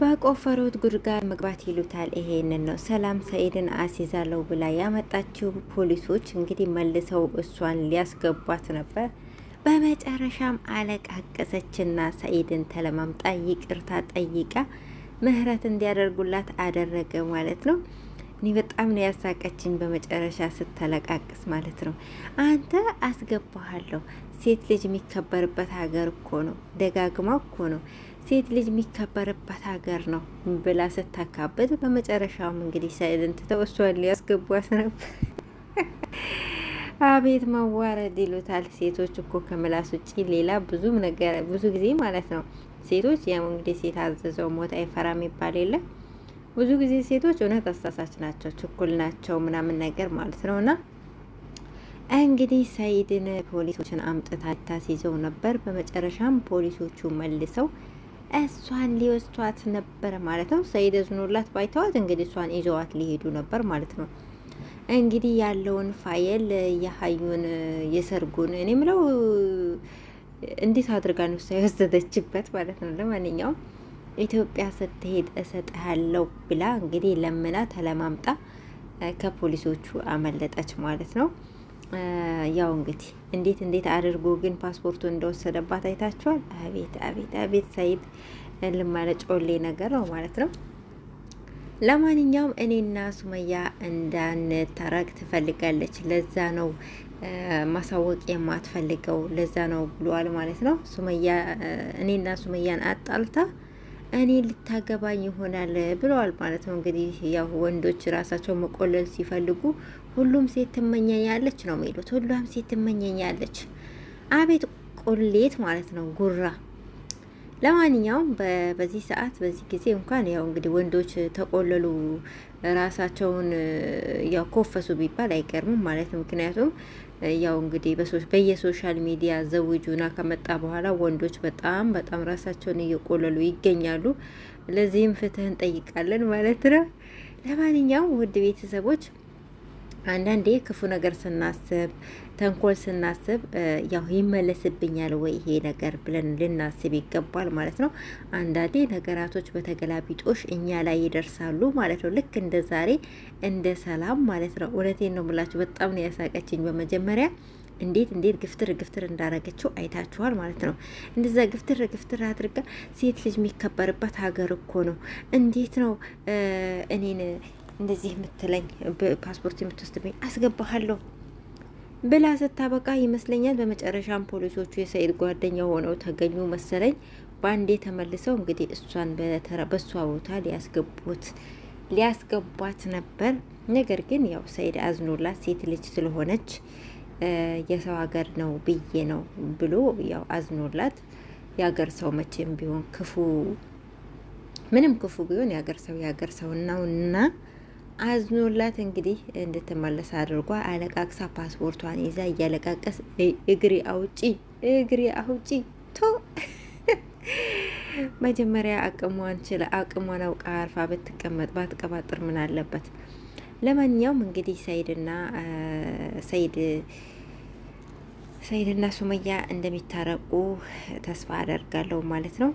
በቆፈሩት ጉድጓድ መግባት ይሉታል። ይሄንን ነው ሰላም ሰኢድን አስይዛለሁ ብላ ያመጣችው። ፖሊሶች እንግዲህ መልሰው እሷን ሊያስገቧት ነበር። በመጨረሻም አለቃቀሰችና ሰኢድን ተለማምጣ ይቅርታ ጠይቃ ምህረት እንዲያደርጉላት አደረገ ማለት ነው። እኔ በጣም ነው ያሳቀችኝ በመጨረሻ ስተለቃቅስ ማለት ነው። አንተ አስገባሃለሁ። ሴት ልጅ የሚከበርበት ሀገር እኮ ነው፣ ደጋግማ እኮ ነው ሴት ልጅ የሚከበርበት ሀገር ነው ብላ ስታካብድ፣ በመጨረሻውም እንግዲህ ሰኢድን ትተው እሷን ሊያስገቧት ነበር። አቤት መዋረድ ይሉታል ሴቶች እኮ ከምላስ ውጭ ሌላ ብዙ ነገር ብዙ ጊዜ ማለት ነው ሴቶች ያው እንግዲህ ሴት አዘዘው ሞት አይፈራም ይባል የለ ብዙ ጊዜ ሴቶች እውነት አሳሳች ናቸው፣ ችኩል ናቸው ምናምን ነገር ማለት ነው እና እንግዲህ ሰይድን ፖሊሶችን አምጥታ ታስይዘው ነበር። በመጨረሻም ፖሊሶቹ መልሰው እሷን ሊወስቷት ነበር ማለት ነው። ሰይድ ዝኖላት ባይተዋት እንግዲህ እሷን ይዘዋት ሊሄዱ ነበር ማለት ነው። እንግዲህ ያለውን ፋይል የሀዩን የሰርጉን እኔ ምለው እንዴት አድርጋ ነው እሷ የወሰደችበት ማለት ነው። ለማንኛውም ኢትዮጵያ ስትሄድ እሰጥሃለሁ ብላ እንግዲህ ለምና ተለማምጣ ከፖሊሶቹ አመለጠች ማለት ነው። ያው እንግዲህ እንዴት እንዴት አድርጎ ግን ፓስፖርቱ እንደወሰደባት አይታችኋል። አቤት አቤት አቤት ሰይድ ልማለ ጮሌ ነገር ነው ማለት ነው። ለማንኛውም እኔና ሱመያ እንዳንታረቅ ትፈልጋለች። ለዛ ነው ማሳወቅ የማትፈልገው ለዛ ነው ብሏል ማለት ነው። ሱመያ እኔና ሱመያን አጣልታ እኔ ልታገባኝ ይሆናል ብለዋል ማለት ነው። እንግዲህ ያው ወንዶች ራሳቸው መቆለል ሲፈልጉ ሁሉም ሴት ትመኘኛለች ነው የሚሉት። ሁሉም ሴት ትመኘኛለች። አቤት ቁሌት ማለት ነው ጉራ ለማንኛውም በዚህ ሰዓት በዚህ ጊዜ እንኳን ያው እንግዲህ ወንዶች ተቆለሉ ራሳቸውን ያው ኮፈሱ ቢባል አይቀርምም ማለት ነው። ምክንያቱም ያው እንግዲህ በየሶሻል ሚዲያ ዘውጁና ከመጣ በኋላ ወንዶች በጣም በጣም ራሳቸውን እየቆለሉ ይገኛሉ። ለዚህም ፍትህ እንጠይቃለን ማለት ነው። ለማንኛውም ውድ ቤተሰቦች አንዳንዴ ክፉ ነገር ስናስብ ተንኮል ስናስብ ያው ይመለስብኛል ወይ ይሄ ነገር ብለን ልናስብ ይገባል ማለት ነው። አንዳንዴ ነገራቶች በተገላቢጦሽ እኛ ላይ ይደርሳሉ ማለት ነው። ልክ እንደ ዛሬ እንደ ሰላም ማለት ነው። እውነቴን ነው የምላችሁ፣ በጣም ነው ያሳቀችኝ በመጀመሪያ እንዴት እንዴት ግፍትር ግፍትር እንዳረገችው አይታችኋል ማለት ነው። እንደዛ ግፍትር ግፍትር አድርጋ ሴት ልጅ የሚከበርበት ሀገር እኮ ነው። እንዴት ነው እኔን እንደዚህ የምትለኝ ፓስፖርት የምትወስድብኝ አስገባሃለሁ ብላ ስታበቃ ይመስለኛል። በመጨረሻም ፖሊሶቹ የሰይድ ጓደኛ ሆነው ተገኙ መሰለኝ። በአንዴ ተመልሰው እንግዲህ እሷን በሷ በእሷ ቦታ ሊያስገቡት ሊያስገቧት ነበር። ነገር ግን ያው ሰይድ አዝኖላት ሴት ልጅ ስለሆነች የሰው ሀገር ነው ብዬ ነው ብሎ ያው አዝኖላት የሀገር ሰው መቼም ቢሆን ክፉ ምንም ክፉ ቢሆን የሀገር ሰው የሀገር ሰው ነውና አዝኖላት እንግዲህ እንድትመለስ አድርጓ አለቃቅሳ ፓስፖርቷን ይዛ እያለቃቀስ እግሪ አውጪ እግሪ አውጪ ቶ መጀመሪያ አቅሟን ችለ አቅሟን አውቃ አርፋ ብትቀመጥ ባትቀባጥር ምን አለበት? ለማንኛውም እንግዲህ ሰይድና ሰይድ ሰይድና ሱመያ እንደሚታረቁ ተስፋ አደርጋለሁ ማለት ነው።